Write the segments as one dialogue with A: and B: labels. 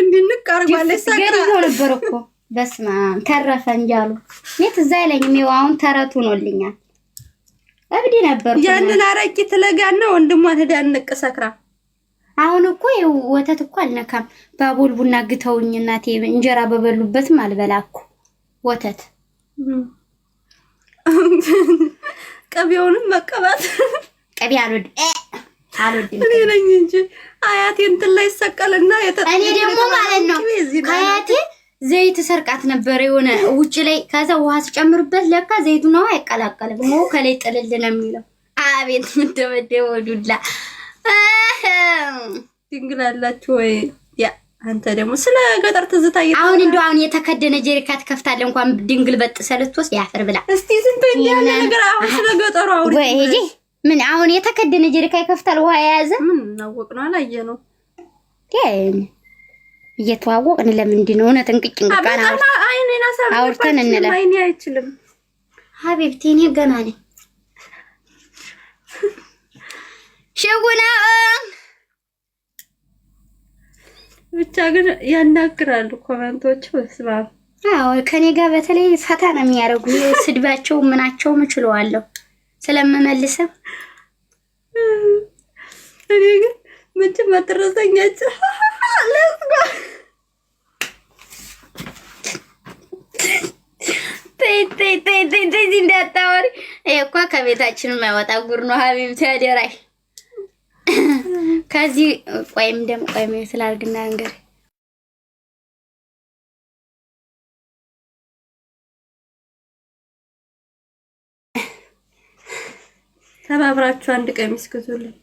A: እንድንቅ አርጓለች።
B: ሰገሪው ነበር እኮ በስማ ተረፈ እንጃሉ እኔ ትዝ አይለኝም። ይኸው አሁን ተረቱ ሆኖልኛል። እብድ ነበር
A: ያንን አረቂ ትለጋና ወንድሟ ተዳንቅ ሰክራ
B: አሁን እኮ ይኸው ወተት እኮ አልነካም። ባቦል ቡና ግተውኝ እናቴ እንጀራ በበሉበትም አልበላ እኮ ወተት
A: ቅቤውንም መቀባት ቅቤ አልወድ እኔ ነኝ እንጂ አያቴ እንትን ላይ ይሰቀልና
B: እኔ ደግሞ ማለት ነው አያቴ ዘይት ሰርቃት ነበር የሆነ ውጭ ላይ። ከዛ ውሃ ስጨምርበት ለካ ዘይቱ ነው አይቀላቀልም። ውሃው ከላይ ጥልል ነው የሚለው። አቤት ምደበደበ ዱላ
A: ድንግላላችሁ ወይ አንተ ደግሞ ስለ ገጠር ትዝታ
B: አሁን እንደው አሁን የተከደነ ጀሪካ ትከፍታለ እንኳን ድንግል በጥ ሰልትወስ ያፈር ብላ
A: እስቲ ዝም ነገር አሁን ስለ ገጠሩ አውሪ
B: ምን አሁን የተከደነ ጀሪካ ይከፍታል? ውሃ የያዘ
A: ምን እናወቅ ነው? አላየ ነው
B: ግን እየተዋወቅን ለምንድን ነው እውነት እንቅጭ እንቅቃን አውርተን እንላለን።
A: አይኔ አይችልም
B: ሀቢብቲ፣ እኔ ገና ነኝ። ሽጉና
A: ብቻ ግን ያናግራሉ ኮመንቶቹ። ስማ
B: አዎ፣ ከኔ ጋር በተለይ ፈታ ነው የሚያደርጉ ስድባቸው ምናቸውም እችለዋለሁ። ስለምመልሰው እኔ ግን እንዳታወሪ እኮ ከቤታችን የማይወጣ ጉር ነው። ሀቢብ ተደራይ ከዚህ ቆይም ደግሞ ቆይም ስላርግና
A: ተባብራችሁ አንድ ቀሚስ ግዙልኝ።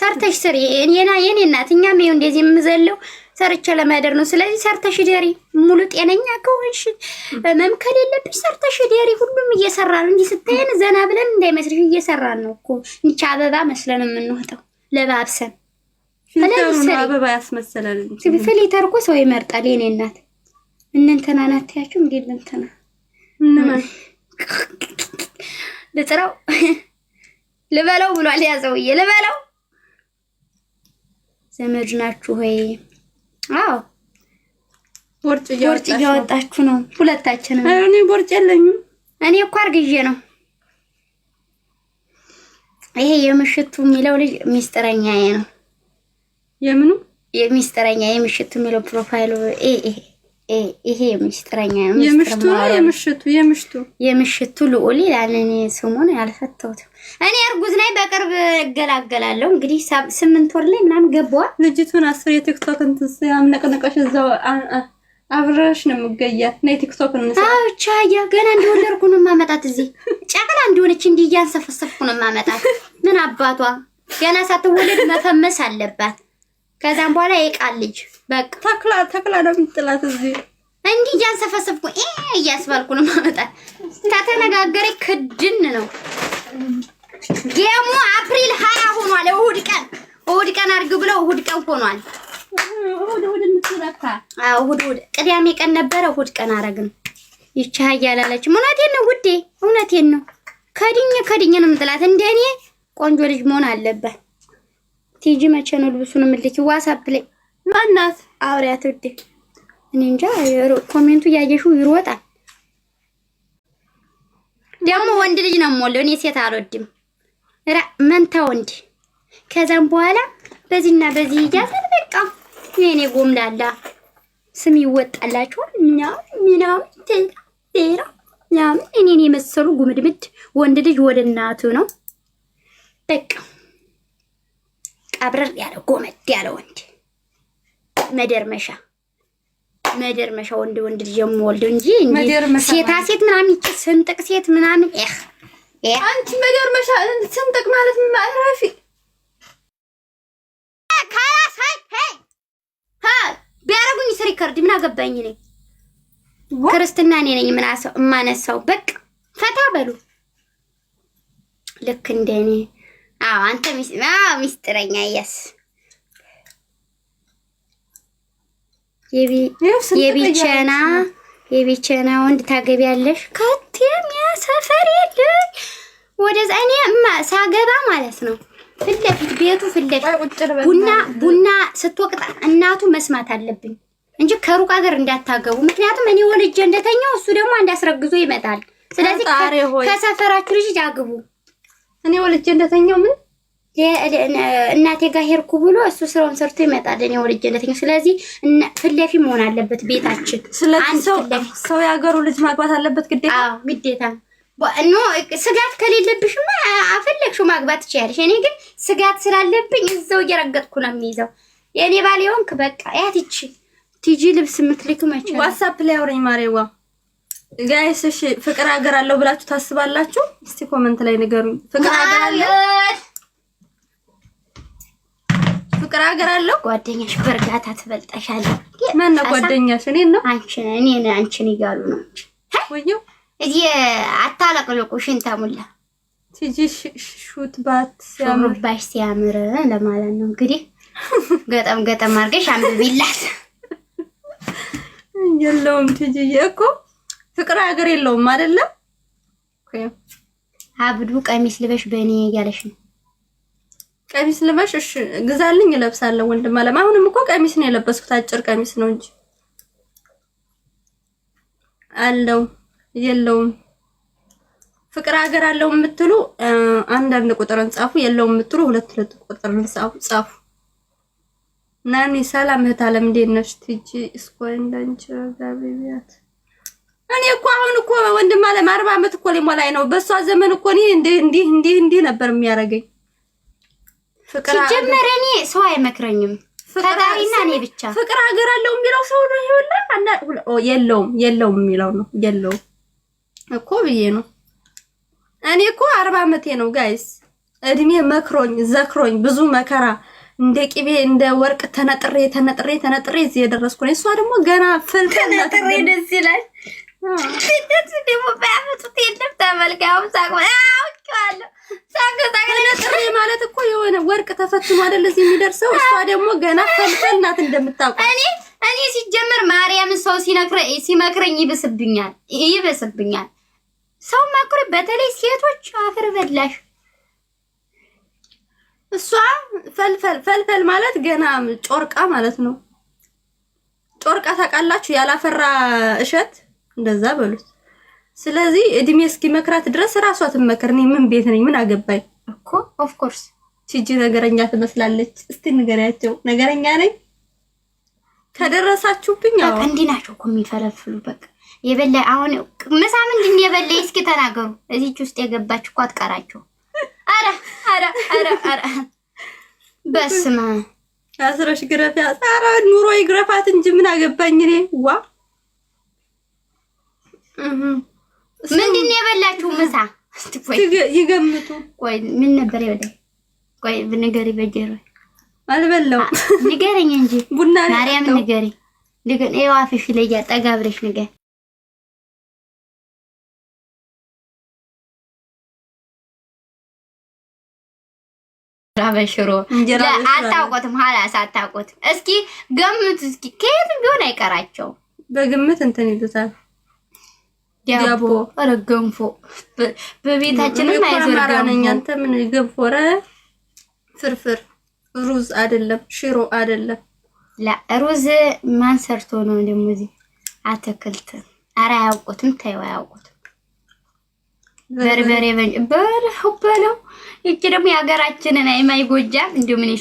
B: ሰርተሽ ስሪ የኔና የኔ እናት፣ እኛም ይኸው እንደዚህ የምዘለው ሰርቼ ለማደር ነው። ስለዚህ ሰርተሽ ደሪ። ሙሉ ጤነኛ ከሆንሽ ህመም ከሌለብሽ ሰርተሽ ደሪ። ሁሉም እየሰራ ነው። እንዲህ ስታየን ዘና ብለን እንዳይመስልሽ እየሰራን ነው እኮ እንቺ አበባ መስለን የምንወጣው ለባብሰን።
A: አበባ ያስመሰላል
B: እንጂ እኮ ሰው ይመርጣል። የኔ እናት ለጥራው ልበለው ብሏል። ያ ሰውዬ ልበለው ዘመድ ናችሁ ወይ? አዎ ቦርጭ እያወጣችሁ ነው ሁለታችንም።
A: እኔ ቦርጭ የለኝም።
B: እኔ እኮ አርግዤ ነው። ይሄ የምሽቱ የሚለው ልጅ ሚስጥረኛዬ ነው። የምኑ የሚስጥረኛ የምሽቱ የሚለው ፕሮፋይሉ ይሄ ይሄ ምስጥረኛ
A: የምሽቱ የምሽቱ የምሽቱ
B: የምሽቱ ልዑል ይላል። እኔ ስሙን አልፈተሁትም። እኔ እርጉዝ ነኝ፣ በቅርብ እገላገላለሁ። እንግዲህ ስምንት ወር ላይ ምናምን ገባዋል።
A: ልጅቱን አስር የቲክቶክ እንትስ አምነቅነቀሽ እዛው አብረሽ ነው የምገያት እና የቲክቶክ እንስ
B: አውቻ ያ ገና እንደወለድኩ ነው የማመጣት። እዚህ ጨቅላ እንደሆነች እንዲህ እያንሰፈሰፍኩ ነው የማመጣት። ምን አባቷ ገና ሳትወለድ መፈመስ አለባት። ከዛም በኋላ የቃል ልጅ በቃ
A: ተክላ ተክላ ነው የምትጥላት እዚህ
B: እንዲህ እያንሰፈሰፍኩ እያስባልኩ ነው ማመጣል። ከተነጋገረ ክድን ነው ጌሙ። አፕሪል ሀያ ሆኗል። እሑድ ቀን እሑድ ቀን አድርግ ብለው እሑድ ቀን ሆኗል። እሑድ እሑድ ቅዳሜ ቀን ነበረ፣ እሑድ ቀን አረግን። ይቻ እያላለች እውነቴን ነው ውዴ፣ እውነቴን ነው። ከድኝ ከድኝ ነው የምጥላት። እንደኔ ቆንጆ ልጅ መሆን አለበት። ቲጂ መቼ ነው ልብሱን ምልክ ዋሳፕ ላይ ማናት አውሪያት ውዴ። እኔ እንጃ ኮሜንቱ እያየሽው ይሮጣል። ደግሞ ወንድ ልጅ ነው የምወለው እኔ ሴት አልወድም። ራ መንታ ወንድ ከዛም በኋላ በዚህና በዚህ እያዘን በቃ የኔ ጎምላላ ስም ይወጣላችኋል። እኛ ምናምን ቴራ ምናምን እኔን የመሰሉ ጉምድምድ ወንድ ልጅ ወደ እናቱ ነው በቃ አብረር ያለ ጎመድ ያለ ወንድ መደርመሻ መደርመሻ ወንድ ወንድ ልጅ የምወልድ እንጂ ሴታ ሴት ምናምን ስንጥቅ ሴት ምናምን
A: አንቺ መደርመሻ ስንጥቅ ማለት ምን ማለት
B: ቢያረጉኝ ስሪ ከርድ ምን አገባኝ? ነኝ ክርስትና እኔ ነኝ ምናሰው የማነሳው። በቃ ፈታ በሉ ልክ እንደኔ አዎ አንተ ሚስጥረኛ የስ የቢቸና የቢቸና ወንድ ታገቢያለሽ? ከቴም ያ ሰፈር የለኝ ወደዛ እኔ ሳገባ ማለት ነው። ፊት ለፊት ቤቱ
A: ፊት
B: ቡና ቡና ስትወቅጣ እናቱ መስማት አለብኝ እንጂ ከሩቅ ሀገር እንዳታገቡ። ምክንያቱም እኔ ወልጄ እንደተኛው እሱ ደግሞ እንዳስረግዞ ይመጣል። ስለዚህ ከሰፈራችሁ ልጅ አግቡ።
A: እኔ ወልጄ እንደተኛው ምን
B: እናቴ ጋር ሄድኩ ብሎ እሱ ስራውን ሰርቶ ይመጣል። እኔ ወልጄ እንደተኛው። ስለዚህ ፊት መሆን አለበት ቤታችን።
A: ስለዚህ ሰው የሀገሩ ልጅ ማግባት አለበት ግዴታ
B: ግዴታ ኖ ስጋት ከሌለብሽማ አፈለግሽው ማግባት ትችያለሽ። እኔ ግን ስጋት ስላለብኝ እዛው እየረገጥኩ ነው የሚይዘው። የእኔ ባል የሆንክ በቃ ያትቺ ቲጂ ልብስ የምትልክ መቼ
A: ዋትሳፕ ላይ አውረኝ ማሬዋ ጋይስ እሺ፣ ፍቅር ሀገር አለው ብላችሁ ታስባላችሁ? እስቲ ኮመንት ላይ ንገሩኝ።
B: ፍቅር ሀገር አለው፣
A: ፍቅር ሀገር አለው።
B: ጓደኛሽ በእርጋታ ትበልጠሻለች።
A: ማን ነው ጓደኛሽ? እኔን ነው
B: አንቺን፣ እኔን አንቺን እያሉ ነው እንጂ ወየው፣ እዚ አታለቅልቁሽን ተሙላ
A: ቲጂ ሹት ባት
B: ሲያምር ባሽ ሲያምር ለማለት ነው እንግዲህ። ገጠም ገጠም አድርገሽ አንብቢላት።
A: የለውም ቲጂ እኮ ፍቅር ሀገር የለውም አይደለም።
B: አብዱ ቀሚስ ልበሽ በእኔ እያለሽ ነው።
A: ቀሚስ ልበሽ እሺ፣ ግዛልኝ እለብሳለሁ። ወንድም አለም አሁንም እኮ ቀሚስ ነው የለበስኩት፣ አጭር ቀሚስ ነው እንጂ አለው የለውም። ፍቅር ሀገር አለው የምትሉ አንዳንድ ቁጥርን ጻፉ፣ የለውም የምትሉ ሁለት ሁለት ቁጥርን ጻፉ ጻፉ። ናኒ ሰላም እህት አለም እንዴት ነሽ? ትጂ እስኮ እንደንቸ ጋር እኔ እኮ አሁን እኮ ወንድም አለም አርባ ዓመት እኮ ሊሞላኝ ነው። በእሷ ዘመን እኮ እኔ እንዲህ እንዲህ እንዲህ ነበር የሚያደርገኝ።
B: ፍቅር ሲጀመር እኔ ሰው አይመክረኝም ፈጣሪና እኔ ብቻ።
A: ፍቅር ሀገር አለው የሚለው ሰው ነው ይሁላ አንዳ የለውም የለውም የሚለው ነው የለውም
B: እኮ ብዬ ነው።
A: እኔ እኮ አርባ ዓመቴ ነው ጋይስ። እድሜ መክሮኝ ዘክሮኝ ብዙ መከራ እንደ ቅቤ እንደ ወርቅ ተነጥሬ ተነጥሬ ተነጥሬ እዚህ የደረስኩ ነው። እሷ ደግሞ ገና ፍልፍል
B: ተነጥሬ ደስ ይላል። ደግሞ በያመጡት የለም ተመልካሁም ሳቅአውዋለሁ
A: ማለት እኮ የሆነ ወርቅ ተፈትሞ አይደል እዚህ የሚደርሰው። እሷ ደግሞ ገና ፈልፈል ናት እንደምታውቀው።
B: እኔ እኔ ሲጀመር ማርያም ሰው ሲመክረኝ ይብስብኛል ይብስብኛል። ሰው መክሮ በተለይ ሴቶች አፈር በላሽ
A: እሷ ፈልፈል ፈልፈል ማለት ገና ጮርቃ ማለት ነው። ጮርቃ ታውቃላችሁ? ያላፈራ እሸት እንደዛ በሉት። ስለዚህ እድሜ እስኪ መክራት ድረስ ራሷ ትመከር። እኔ ምን ቤት ነኝ? ምን አገባኝ
B: እኮ ኦፍ ኮርስ
A: ቺጂ ነገረኛ ትመስላለች። እስቲ ንገሪያቸው፣ ነገረኛ ነኝ ከደረሳችሁብኝ። አዎ
B: እንዲህ ናቸው እኮ የሚፈለፍሉ። በቃ የበላይ አሁን ምሳ ምንድን የበላይ እስኪ ተናገሩ። እዚች ውስጥ የገባች እኮ አትቀራቸው። አረ አረ አረ አረ በስማ
A: አስረሽ ግረፊያ ኑሮ ይግረፋት እንጂ ምን አገባኝ እኔ ዋ
B: ምንድን ነው የበላችሁ ምሳ? ይገምቱ። ቆይ ምን ነበር የበላ? ቆይ ንገሪ። በጀሮ አልበላው ንገረኝ እንጂ ቡና ማርያም ንገሪ። ንገን ኤዋፍሽ ላይ ጠጋ ብለሽ ንገር በሽሮ አታውቁትም። ኋላስ አታውቁትም። እስኪ ገምቱ። እስኪ ከየት ቢሆን አይቀራቸው።
A: በግምት እንትን ይሉታል
B: ዳቦ ኧረ ገንፎ በቤታችንም አይዘርጋም።
A: አንተ ምን ገንፎ? ፍርፍር ሩዝ አይደለም ሽሮ አይደለም።
B: ላ ሩዝ ማን ሰርቶ ነው ደግሞ እዚህ አትክልት? ኧረ አያውቁትም። ተይው አያውቁትም። በርበሬ በለው በለው። ይቺ ደግሞ የሀገራችንን አይማይ ጎጃም ምን